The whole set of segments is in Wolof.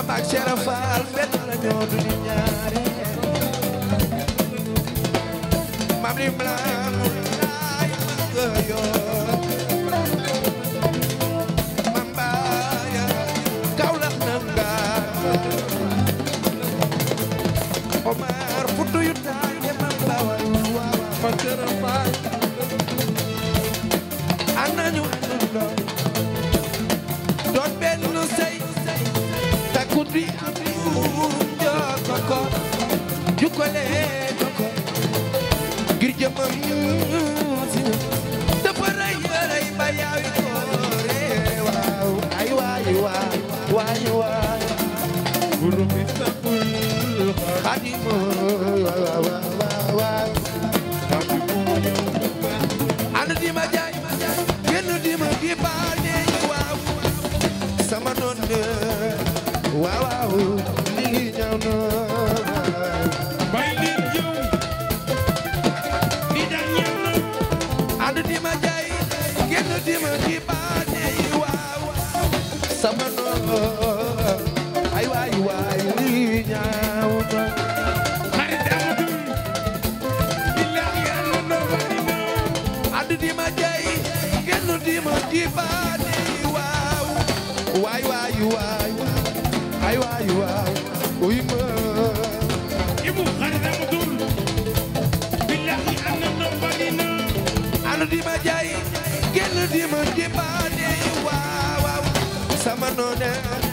Bamba ak Cheikh Fall benn la ñoo du ñu ñaari mam rim la mu laay ma yoo mam baaya kaw la nanga Omar futu yu taay ne mam bawa fa këram abri abri um jokoko jukkole koko ngir jëmam sina dafa rëy rëy ba yaawi na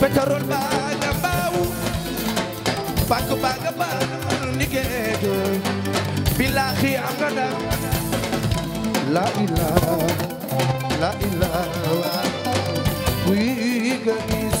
pétrole baa nga baaw bàkk baa nga ni géej billaahi am nga ndam la ilaha la ilaha wi ga gis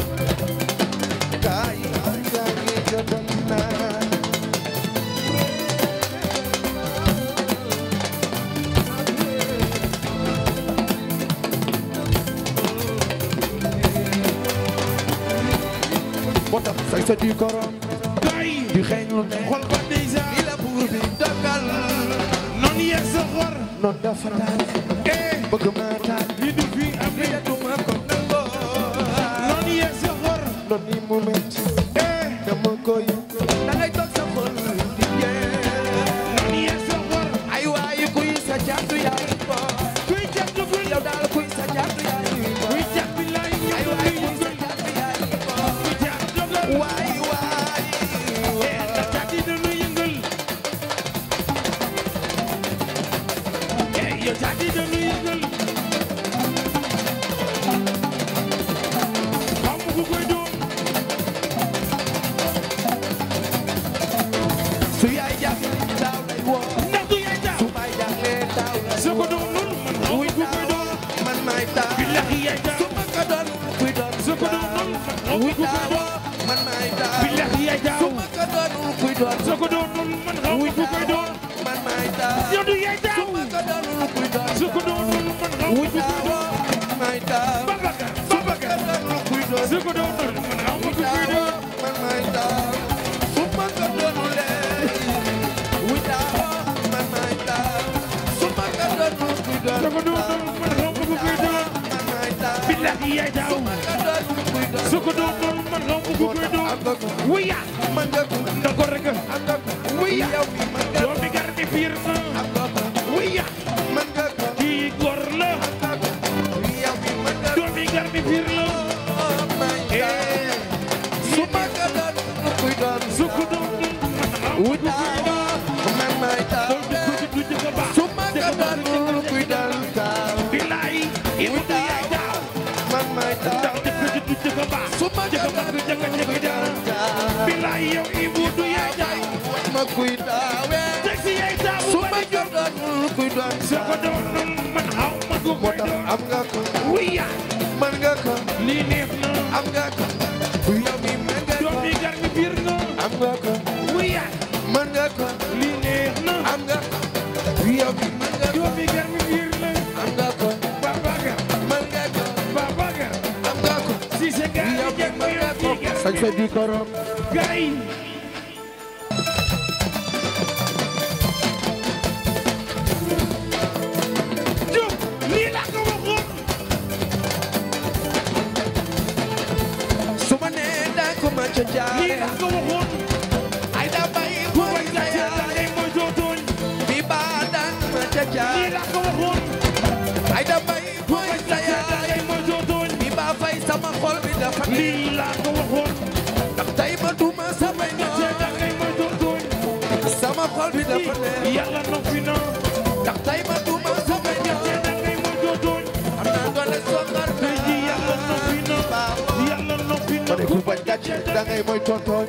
sa di korom di xeeñ lu ne xol ba déjà i la buur dogal non yeex sa xor non dafa daal eh, bëgg maa kuy ko doon su man xaw ma ku koy doon man maay daaw yow du yaay daaw su ko doonul kuy doon su ko doonul man xaw ma ku koy doon maay daaw sukudu man nga mu gudu wiya da ko rek wiya do mi gar di fiir na wiya ki gor la do mi gar di fiir la sukudu wiya man ma ta do ko di du ba jëkka baax suma jëkka baax jëkka jëkka jaar bilaay yow Ibou du yaay jaay ma kuy daawee teg si yaay daaw su ma jor doon kuy doon soo ko man aw ma ko moo tax am nga ko wiya man nga ko lii neex na am nga ko se di korom gay lii laa ko da ngay moy tontooñ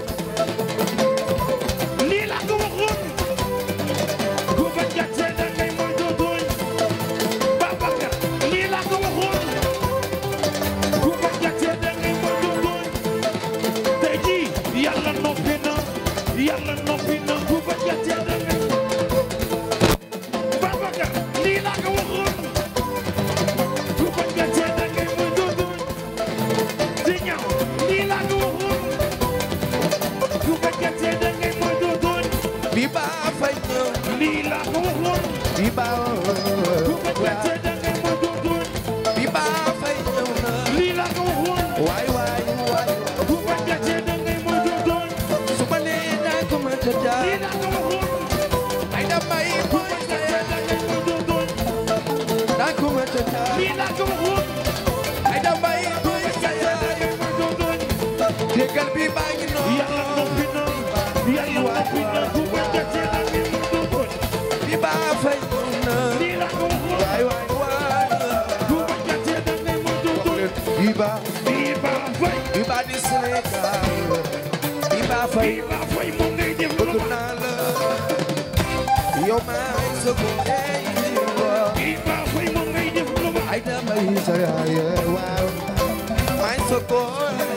so good.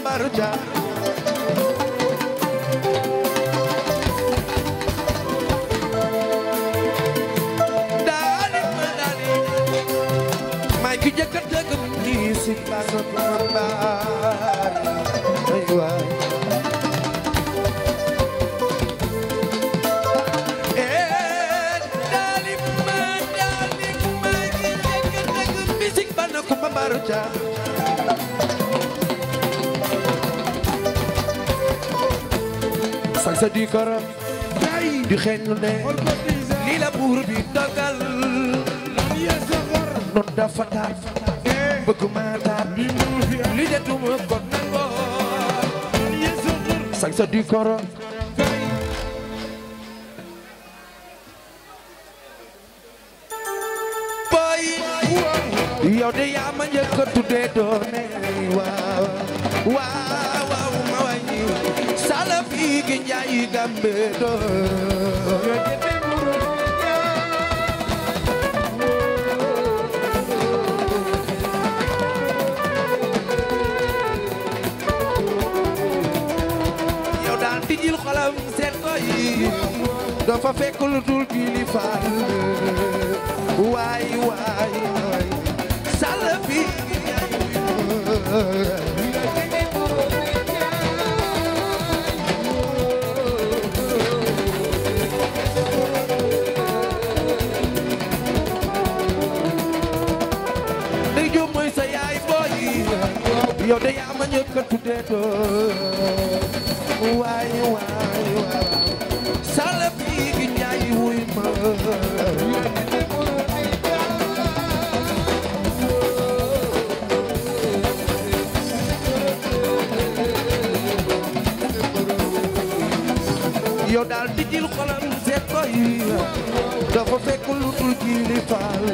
barucha dali ma dali may ki jëkk a dëgg musique la soppi sa di korom day di xeeñ lu ne lii la buur bi dogal non dafa taar e. bëgg maa taar li jatuma ko nangoo sang sa di korom yow de yaa ma njëkk a tuddee doone waaw waaw gambeɗo yow daal tijil xolam seet koy dafa fekk lu dul kilifaan waay waay waay salafi yow de yaa ma njëkk a tuddee doom waay waay waay sala bii gi njaay wuy ma yow daal di jël xolam seet ko yi dafa fekk lu dul ji li faal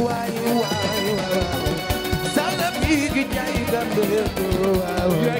waay waay waay Jai Jai Jai Jai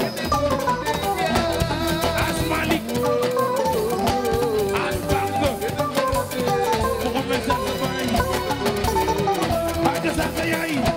sa yaay e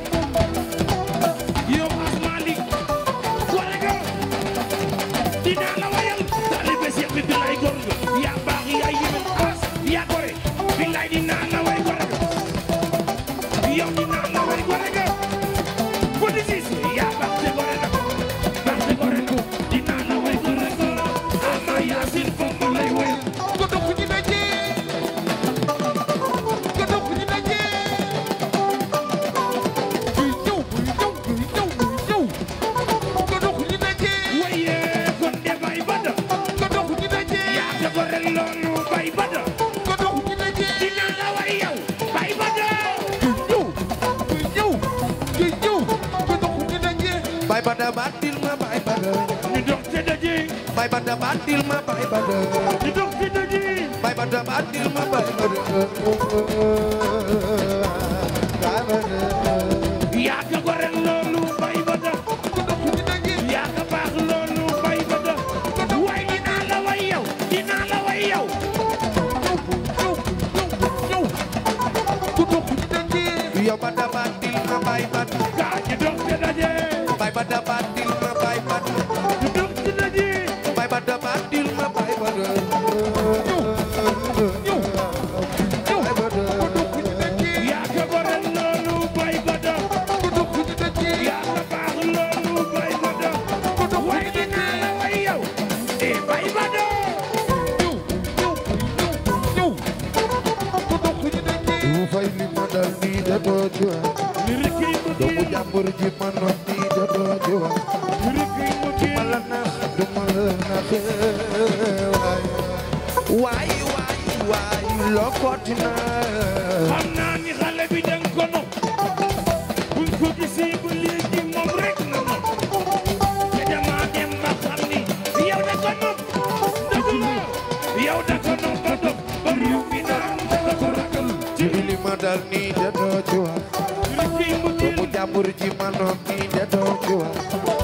manal nii jotoo ci wax. lu mu jàmbur ji manoon nii jotoo ci wax.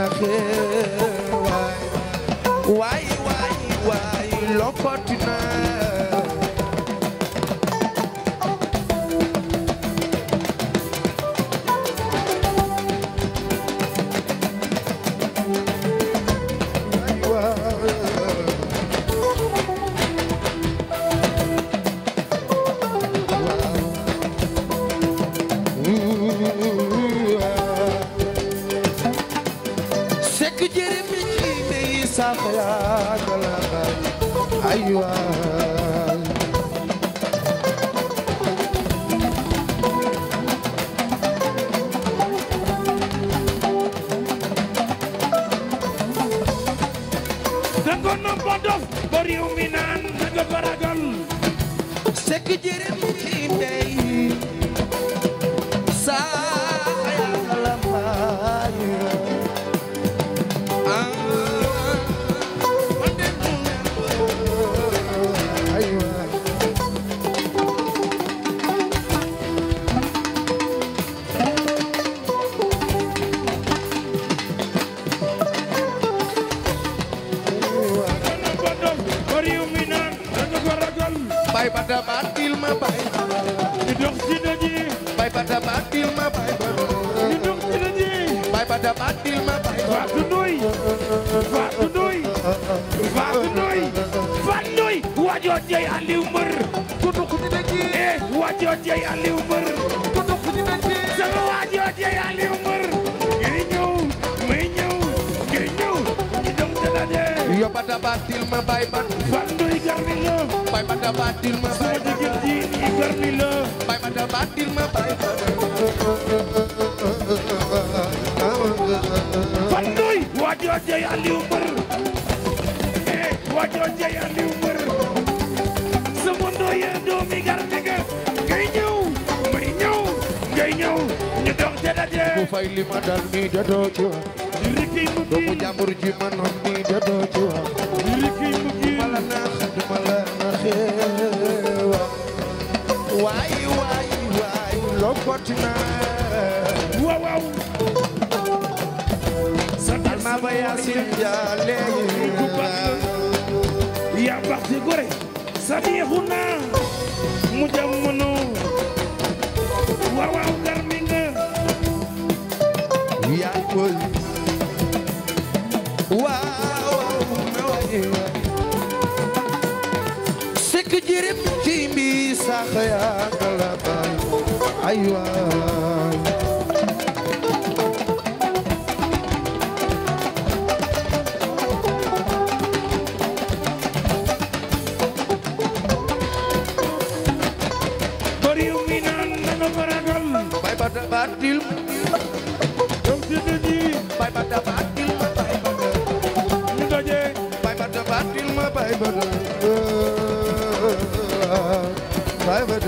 na xewaay waay waay waay loppati na réew mi naan na nga baragal sekk jërëm wa jey Aliou Mbër ku dox dina jey sama waajoo jey Aliou Mbër ngay ñëw may ñëw ngay ñëw ñu dem dana dee yo bata batil ma bay bat fandoy garmi la bay bata batil ma bay bat sama jigéen ji ni garmi la bay bata batil ma bay bat fandoy waajoo jey Aliou Mbër eh waajoo jey Aliou Mbër sama ndoye doomi ku fay li ma dal mi dodo ci wa doomu jàmbur ji ma noon mi dodo ci wa duma la nax duma la naxee wa waay waay waay lokkoti naa waaw waaw sadal ma ba yaasin jaale yaa bax si gore samiixu naa mu jamono waaw waaw koy waaw e me waye sikk jirib ci mbi sax ya kala bay ay waaw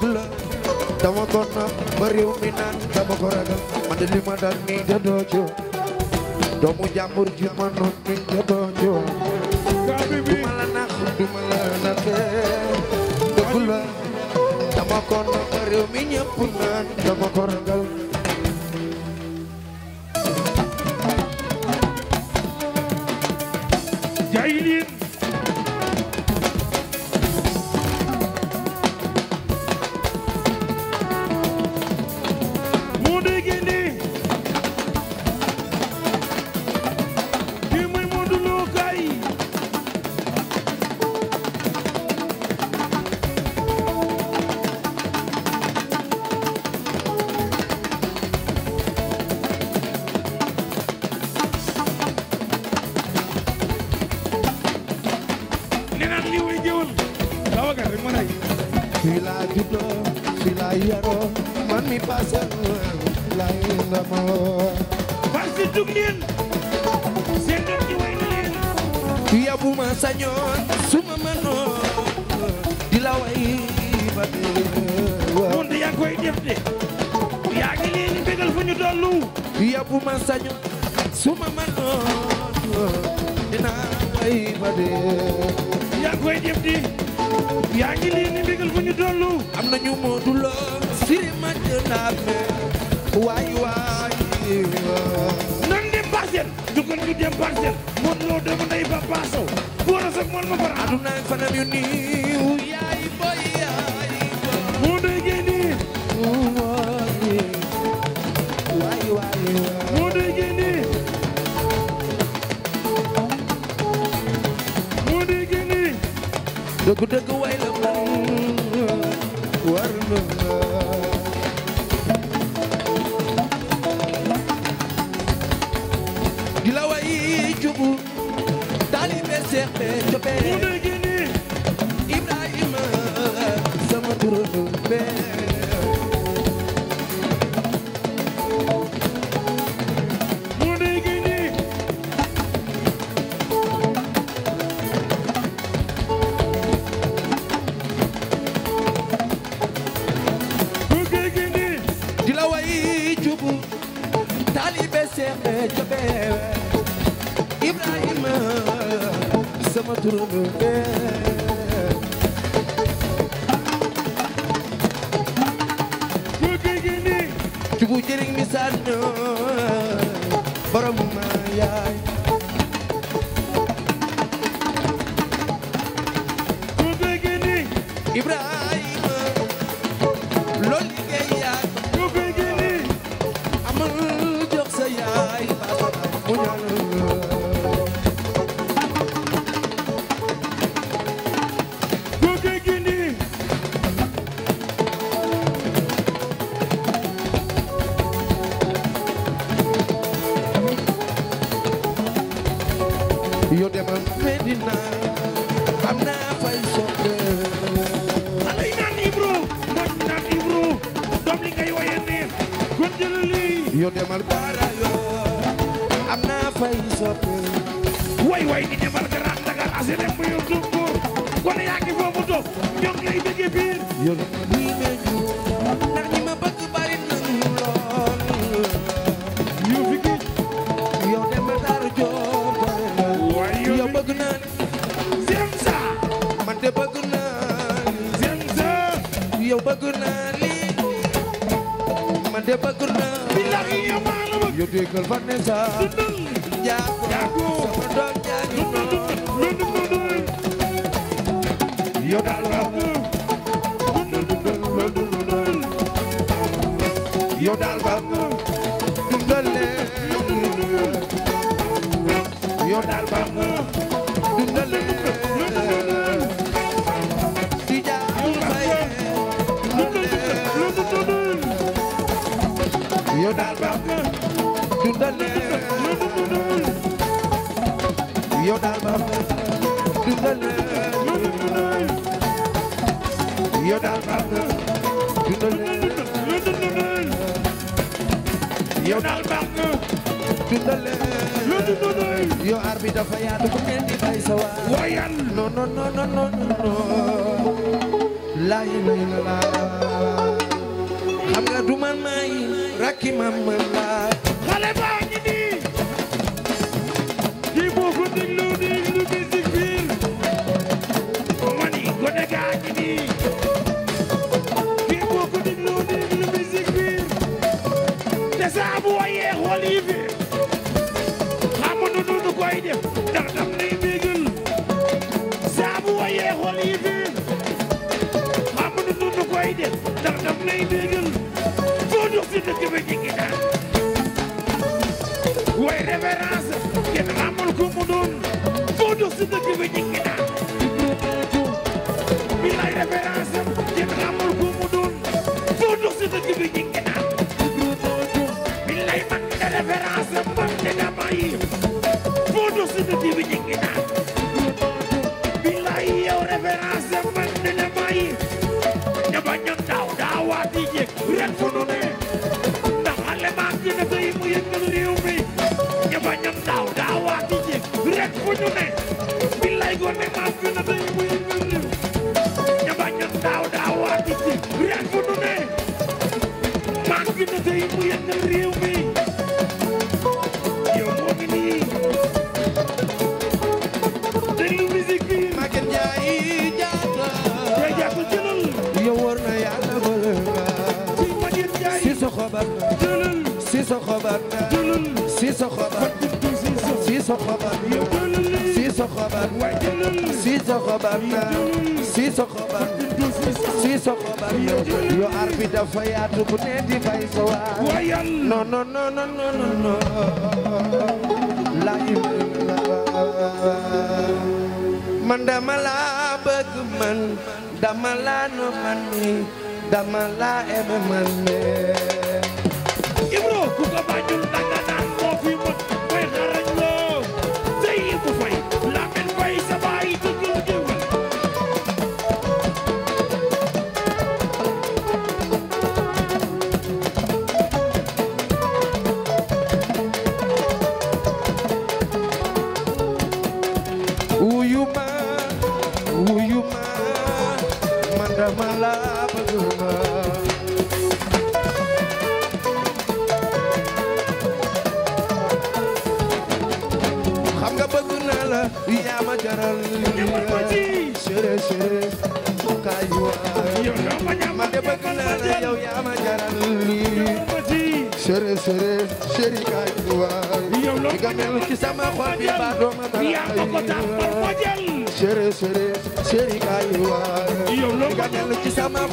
bëgg la dama ko naan ba réew mi naan dama ko ragal man de li ma dal nii de doo ci doomu jàmbur ji ma noon nii de doo ci du ma la nax du ma la naxee dëgg la dama ko naan ba réew mi ñëpp naan dama ko ragal parce que jug leen seen doom ji way na leen ma sañoon su ma mënoon di la way ba dee moon yaa koy def de yaa ngi leen bégal fu ñu dollu ma sañoon su ma mënoon dina way ba dee yaa koy def de yaa fu ñu dollu am na ñu moo du loo siri ma jënd waay waay nan dem parcelle dugal ñu dem parcelle mon loo doomu ndey ba paaso góor a soog mon ma far aduna ak fanam yu niiw yaay boy yaay boy moo doy génni waay waay moo doy génni moo doy génni dëgg bu jëriñ mi sànni borom ma yaay ku bëgg ni Ibrahima dindale lu dindale yo arbi dafa yaatu ku ngeen di bay sa waa wayal non non non non non la ilaha illallah xam nga du man may rakki mam man la xale ba déggal boo ñu fi dëkk ba jigéen daal waaye révérence kenn amul ko ba jigéen daal bilaay révérence kenn amul ko mu doon boo ñu fi dëkk ba jigéen daal bilaay man de révérence man de dama bu ñu ne billaay goon ne maam ñu ne dañu muy ñu ña bañ a daaw daaw waati ci rek bu ñu ne maam ñu ne dañu muy yëngal réew mi yow moo ngi nii déglu musique bi Maguette Ndiaye jaata tey jaata jëlal yow war na yàlla bële nga ci Maguette Ndiaye si sa xobat na jëlal si sa xobat na jëlal si sa xobat si sa xobat yow Sissoko Bamna Sissoko Bamna Sissoko Bamna yo ar bi dafa yaatu bu ne di bay sa waa non non non non non la man dama la bëgg man dama la nu man mi dama la eme man me Ibro ku ko bañul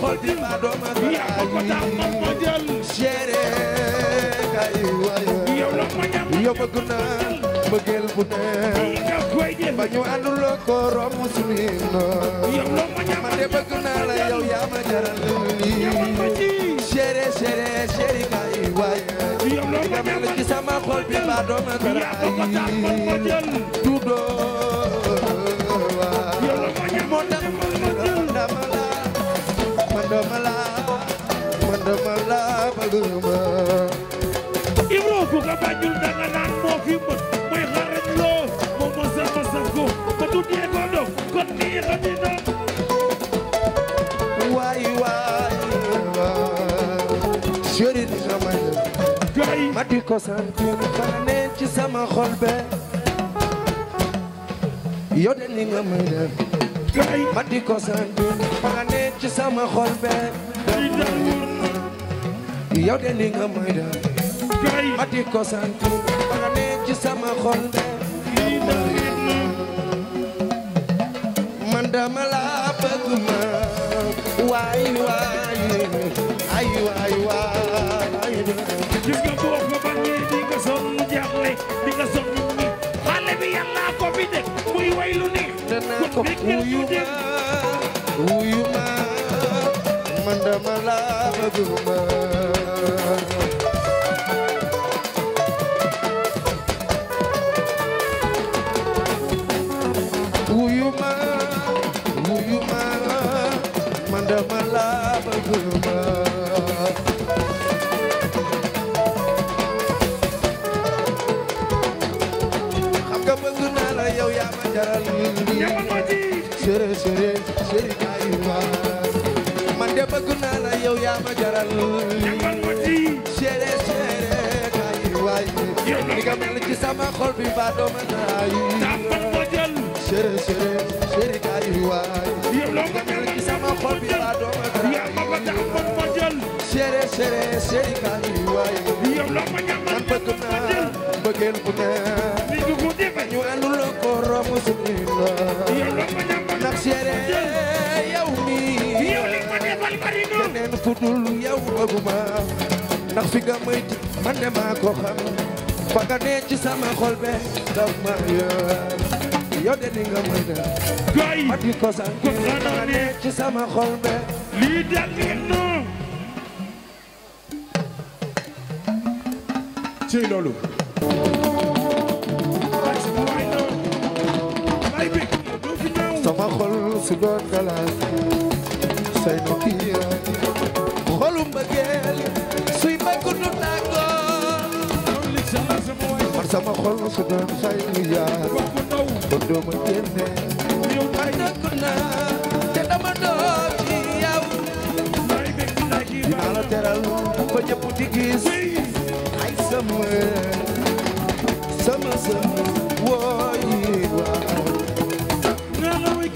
xol bi ma doom a yaa ko tax ma ma jël seere kay waay yow la ma ñam yow bëgg naa bëggeel bu ne ba ñu ànduloo ko romb suñu yow la ma ñam man de bëgg naa la yow yaa ma jaral lii seere seere seere kay waay yow la ma ñam ci sama xol bi ma doom a yaa ko tax ma ma jël tudoo yow la ma ñam fi mën mooy ci sama xol be yow nga may def gaay ma ci sama xol be nga may def kay ma di ko sant ba nga ne ci sama xol lii dafit na man la bëgg ma waay waay ay waay waay gis nga bu wax ma bànnee di nga sonn mu jaaxle di nga sonn mu ni xale bi yàlla ko fi de muy lu ni danaa ko wuyu ma wuyu ma man dama la bëgg ma man de bëgg naa la yow yaa ma jaral seere seere kay waay ni nga mel ci sama xol bi ba doo ma naay seere seere seere kay waay ni nga mel ci sama xol bi ba doo ma naay seere seere seere kay waay man bëgg naa mbëggeel bu neex ñu ànduloo ko romb suñuy la ndax seere yow mi keneen fu dul yow bëgguma ndax fi nga may di man de maa ko xam fa nga ci sama xol be daf ma yor yow de ni nga may def gaay ma di ko sant fa nga ci sama xol be lii dal noonu ci loolu sama xol su doon galaas say nu kiya xolu mbëggeel suy may ko du tàggoo man sama xol su doon say nu yaa ko dooma génne may dëkk naa te dama doon ci yow la teral ba ñëpp di gis ay sama sama sën wooyi waaw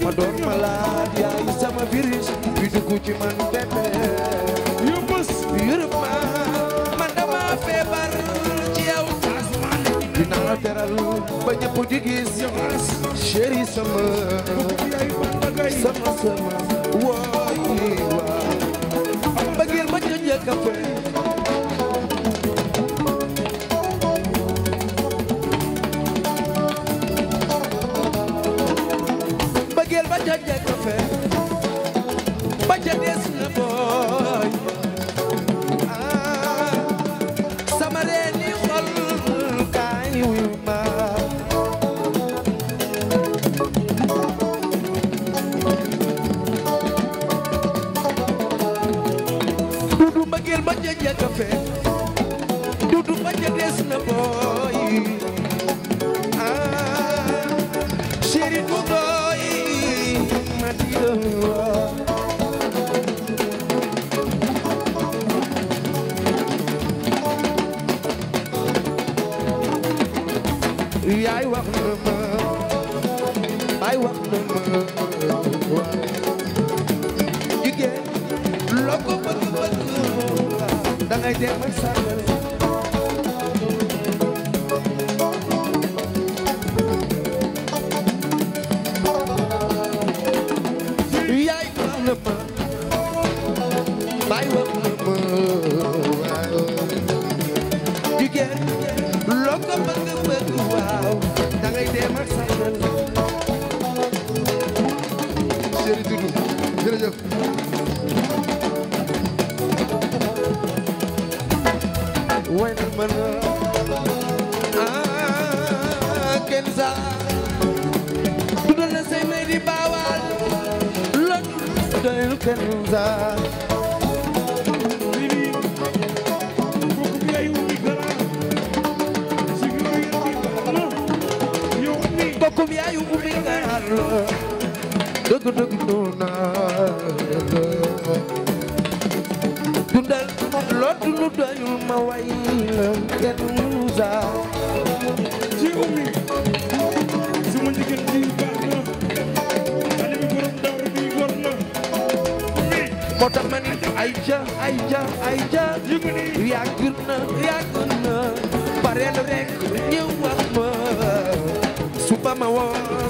ma doon malade yaay sama virus bi dugg man bébé yu bës yërëm ma man dama feebar ci yow dinaa teral ba ñëpp di gis chéri sama sama sën wooyi waaw bëggeel ma ca njëkk a fay amor. yaay wax na ma baay wax na ma jigéen loo ko bëgg bëgg da ngay dem ak sàngal ngay dem ak sa xol Serigne Doudou jërëjëf way na mën ah kenn sa dundal na say may di baawaan loolu doyul kenn sa la lootu lu doyul ma way la kenn musa ci ummi sama jigéen ji baax na xale bi borom moo tax ma ni ay ja ay ja na yàgg na pareel rek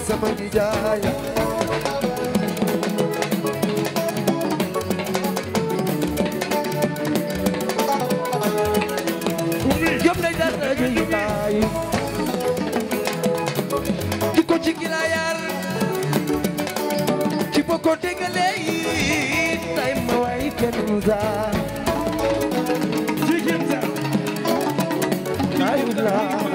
sama nijaay yom day dar rajo yu taay ko ci gila yar ci bokko dégale yi ma way kenn zaa jigéen zaa ay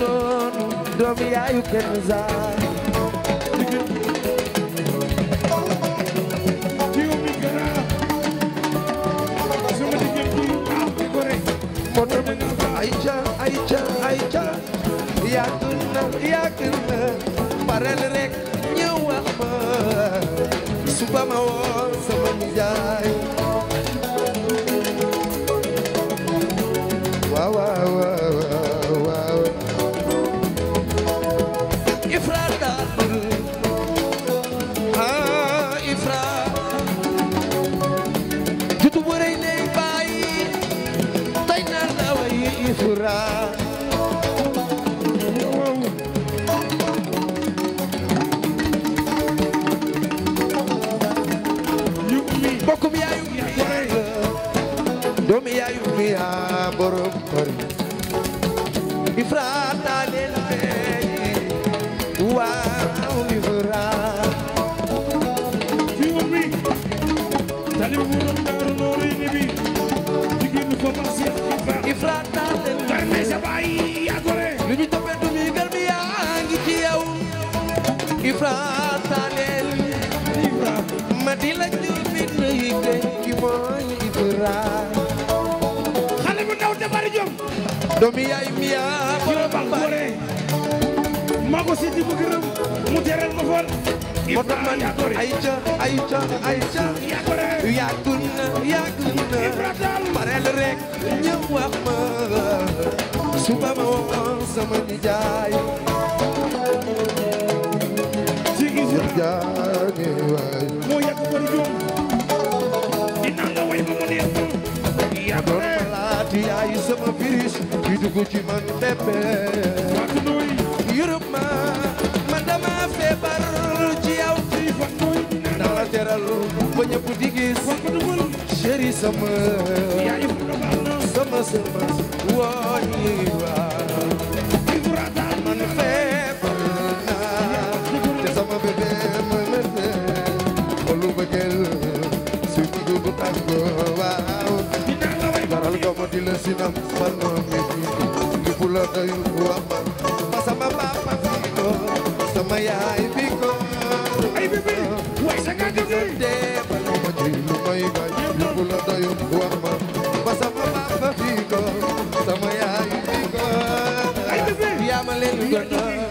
noonu doomi yaayu kenn saa diw mi gën a sama diggéen bi baax di ko rek moo tax ma a ay suba ma woo sama nijaay doomi yaay miya borom bax boole maa ko siiti bu gërëm mu teral ma fol moo tax man ayca ayca ayca yàggul na yàggul na pareel rek ñëw ma suba ma woon sama nijaay sigi si jaani waay moo yàgg ko di joom dina nga way ba mu neex yaa ko laati yaay sama firis dugg ci man bébé Europe ma man dama feebar ci yow naa la teral ba ñëpp di gis chéri sama sama sama wooyi waa man fee di la sinam fanno mi di bu la doy wax ma sama papa fi ko sama yaay fi ko ay bébé way sa nga jóge de ba lu lu may bay di bu la doy wax ma ma sama papa fi ko sama yaay fi ko ay bébé yaa ma leen gënal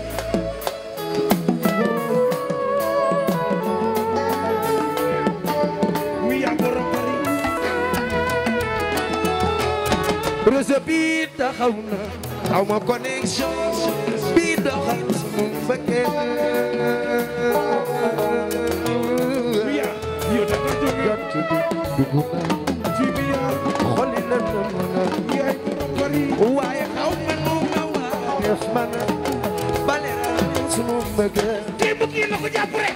bii taxaw na aw ma connexion bii doxal mu fekkee xoli na noonu waaye xaw ma nu ma waa def man bale sunu mbëgg te bu kii la ko jàpp rek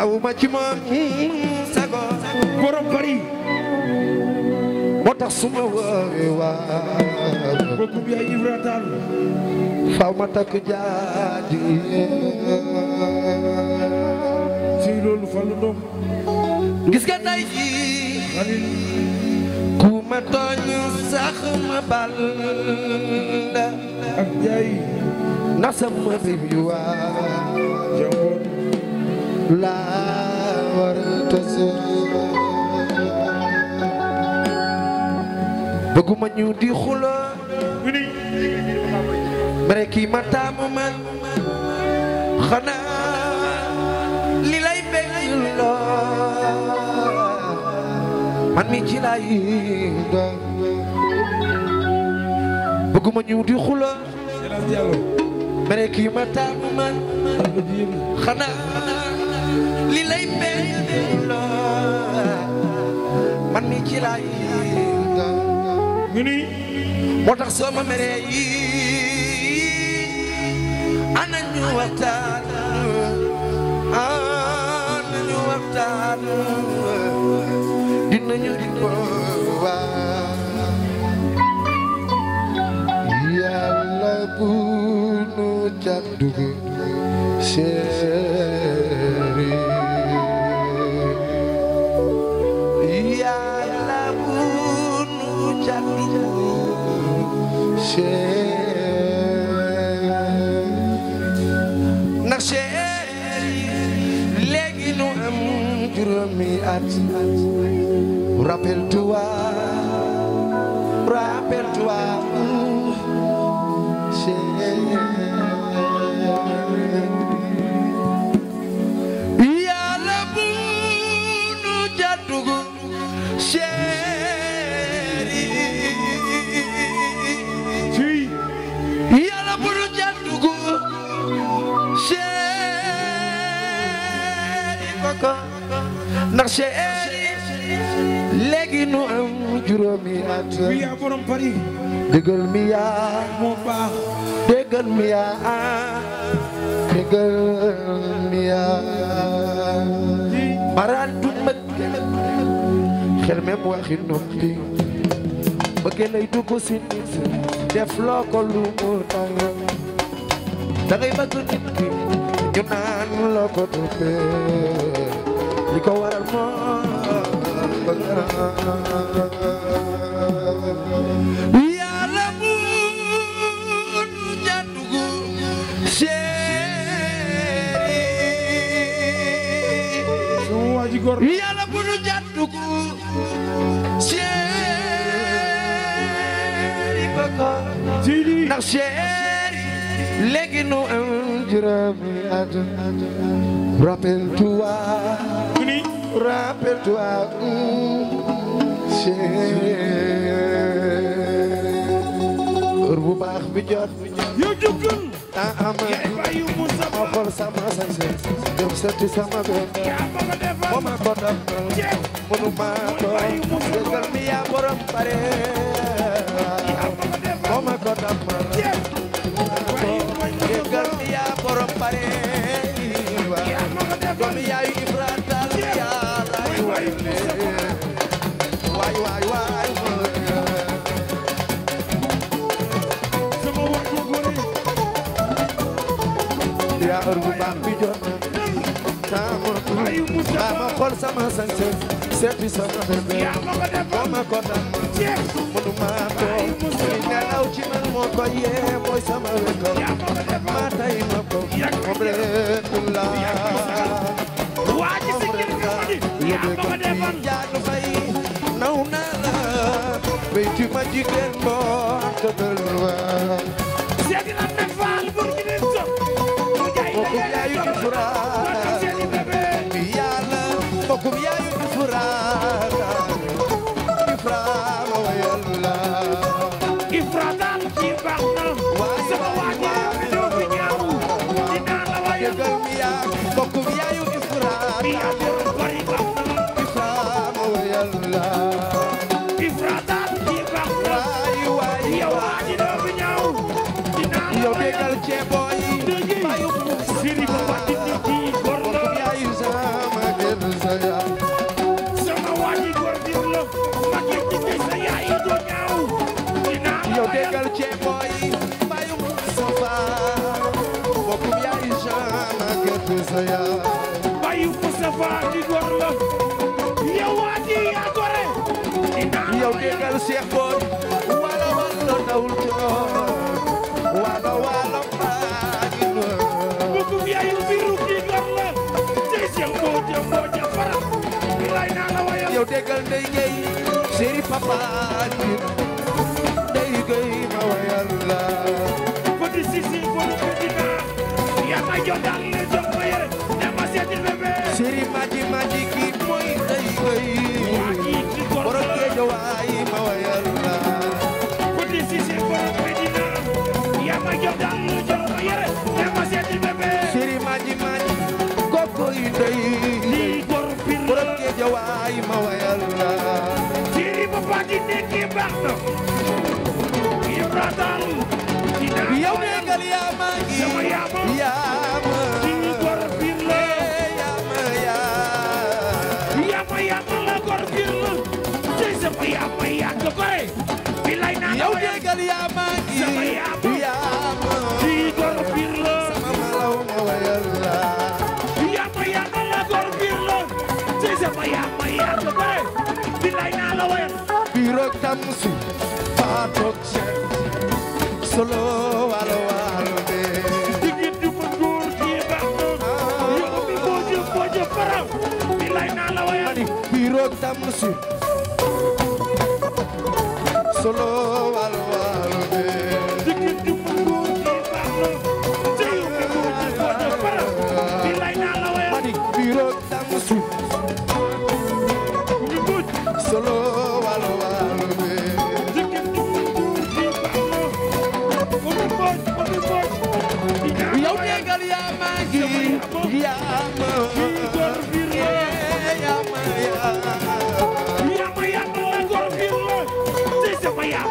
awma ci moom sago borom bari moo tax suma woowe waaw bokku bi ay ibrataan faaw ma takk jaaj ci loolu fallu doom gis nga tey jii ku ma tooñ sax ma bal ak jaay na sama réew yi waa bëgguma ñu di xulo mere kii ma taamu man xanaa li lay bëgg man mi ci lay doon bëgguma ñu di xulo mere kii ma taamu man xanaa li lay benn man mi ci laay ñu ni moo tax soo ma meree yi ana ñu waxtaan ana ñu waxtaan dinañu di ko waa yàlla bu nu jàddu seet Cheikh ndax Cheikh léegi nu am juróomi at rappelle-toi ndax chéri léegi nu am juróomi at mi yaa borom Paris dëggal mi yaa moo baax dëggal mi yaa dëggal mi yaa maraan du mag xel même waxi noppi bëgg lay dugg si nit def loo ko lu mu taw da ngay bëgg nit ñu naan loo ko toppee li ko waral moo yàlla bu nu jantugu seeri yàlla bu nu jantugu seeri bakkaar ndax seeri léegi nu am juróomi at rappel tuwa rappelle-toi chérie bu baax bi jot yow jukul a ama ma xol sama sanse dem setti sama be mo ma ko dam munu ma ko defal mi yaa borom pare mo ma ko dam defal mi yaa pare doom yaayu xar bu maam bi jot maa ma xool sama sañse seeti sama bébé moo ma ko dam munu maa toog muy nelaw ci man moo ko yee mooy sama wekkoon maa tay ma ko moom reetul laa moom reetul laa jaaju fay naw naa la béy tu ma jigéen boo ak tëbël waa sa yaay bayu ko sa faa di góor la yow waa ji yaa gore yow déggal Cheikh Boy wala wala dawul coon wala wala faa di góor bugu biayu biru di góor la tey Cheikh Boy jëm moo jafara lay naa la wayam yow déggal ndey gay séri papa di ndey gay ma wayal la ko di sisi ko di dina yaa ma jodal sëriñ maji maji ki mooy day way borom géej waay ma wayal la yaa ma jox daal lu jox yere maji maji kokoy day lii gor pir borom géej waay ma wayal la sëriñ papa di nekki baax na yow daa daal yow ne ngal yow déggal yaa maa ngi yaa ma kii góor biir la sama malaw ma wayal la yaa ma yaa ma la góor biir la ci sama yaa ma yaa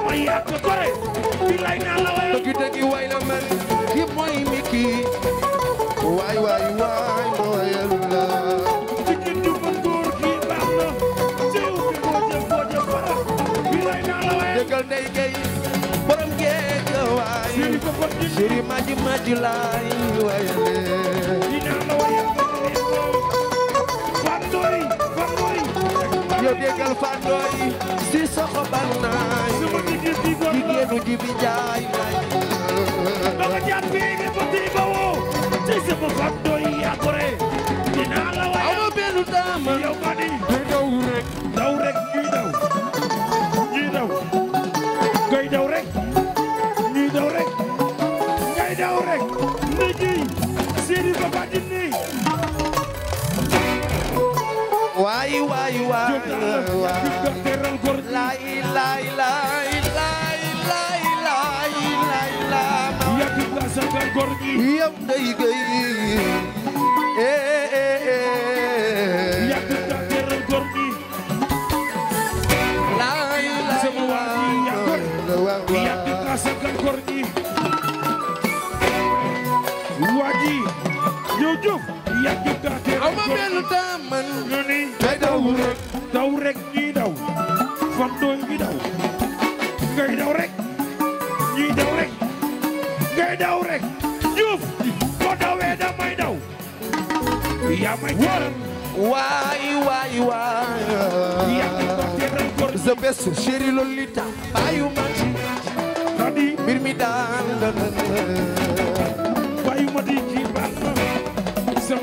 way ak gore bilay na la way dëgg dëgg way la mel ki mooy miki waay waay waay mooyal la ci ci du ko góor ki baax na sew ki moo jëf moo jëf fara bilay na la way dëggal ndey gay borom géej la waay siri maji maji laay wayale dina la wayal Fandooy Fandooy yo déggal Fandooy si soxo bannaay waay waay waay waay la ilaha illa sagal góor gi yam day gay eh, eh eh eh yàgg ta teral góor gi la la sama waa ji yàgg ta sagal góor gi waa ji ñëw jóg yàgg ta teral góor gi aw ma melu ta man ñu ni day daw rek daw rek waay waay waay the best chéri Lolita bayu ma ci tadi mbir mi daan la bayu ma di ci baal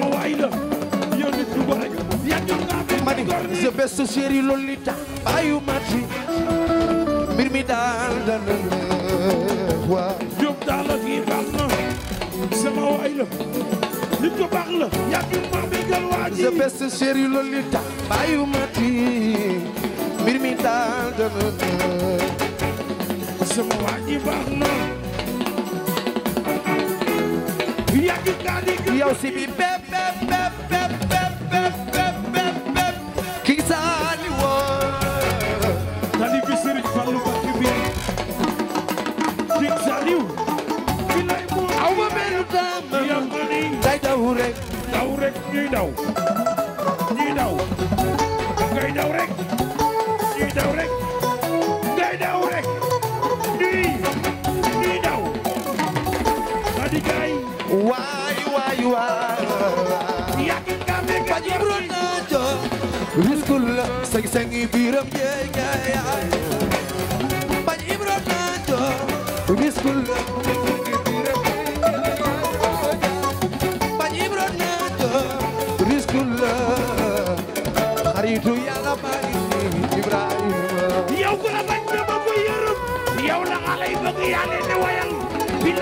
ma waay la yow nit du ya ñu nga fi ma di the best chéri Lolita bayu ma ci mbir mi daan la waa jóg daal la kii ma waay la nit ko baax la yaa ngi ma bégal waa ji. the best chéri loolu li tax. bàyyi ma ti mbir mi daal dana dana. sama waa ji baax na. yaa ngi kaa di. yow si bi bépp bépp Thiaw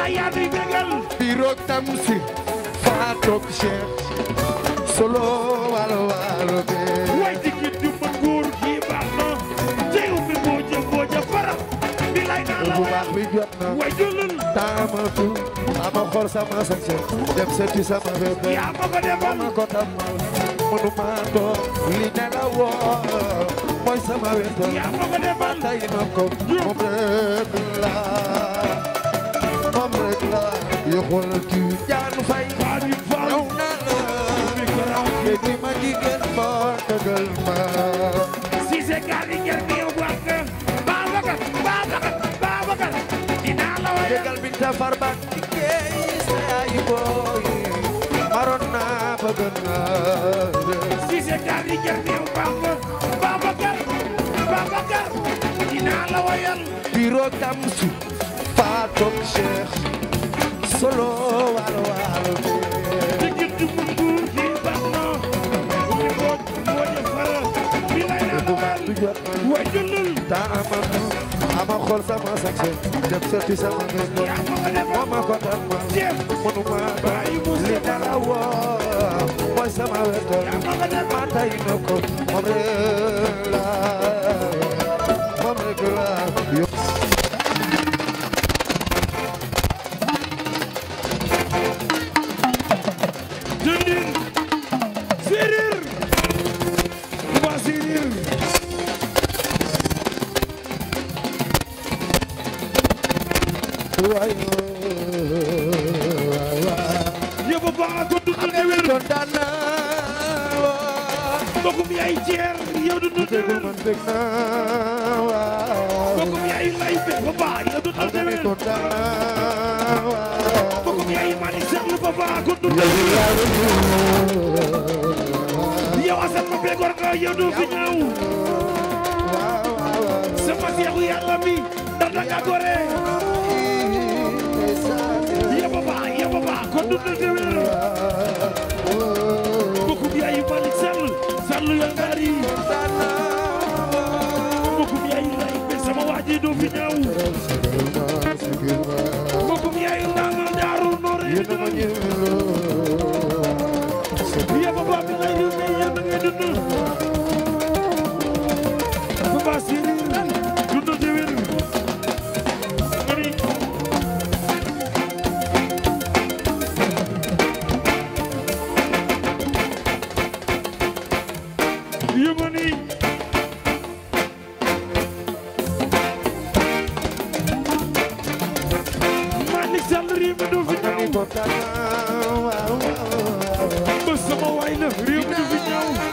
yàlla yaa nuy biroog tamsir faatoog cheikh solo walo walo be way digit ju ma nguur gi baax na teew bi boo ja boo ja naa la bu baax bi jot na way taama fu sama sa dem seeti sama bébé yaa ma ko defal ma ko tam mënu maa toog li ne la woo mooy sama wéetal yaa ma ko defal tey na ko moom la xoolal kii jaanu fay. jaanu la. bi ma jigéen ma ma. si se gàlli njël bi yow wax nga. Babacar Babacar Babacar. dinaa la wéyal dëggal bi ta far ba. naa bëgg naa. bi yow wax nga. Babacar Babacar. dinaa solo waalo waalo diggi bundur ji baax na wi roog moo di faral bi lay na ama xool sama saxe dem seeti sama ngeen moo ma ko tan ma mënuma bàyyi li dara woo mooy sama wetal ma tay na ko moom la mi du fi ñëw ba sama waay la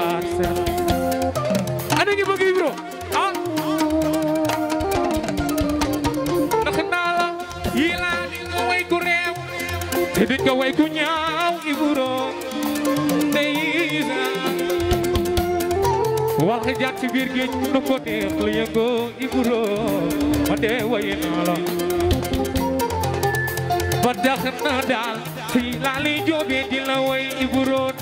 parcelle ana bëgg Ibro ah ndax naa la laa di nga way ku réew te duñ ko way ku ñaaw Ibro ndey naa wal ka jaar ci biir géej nu ko neex lu ma dee waye naa la ba dax na daal si laa lay joobee di la way Ibro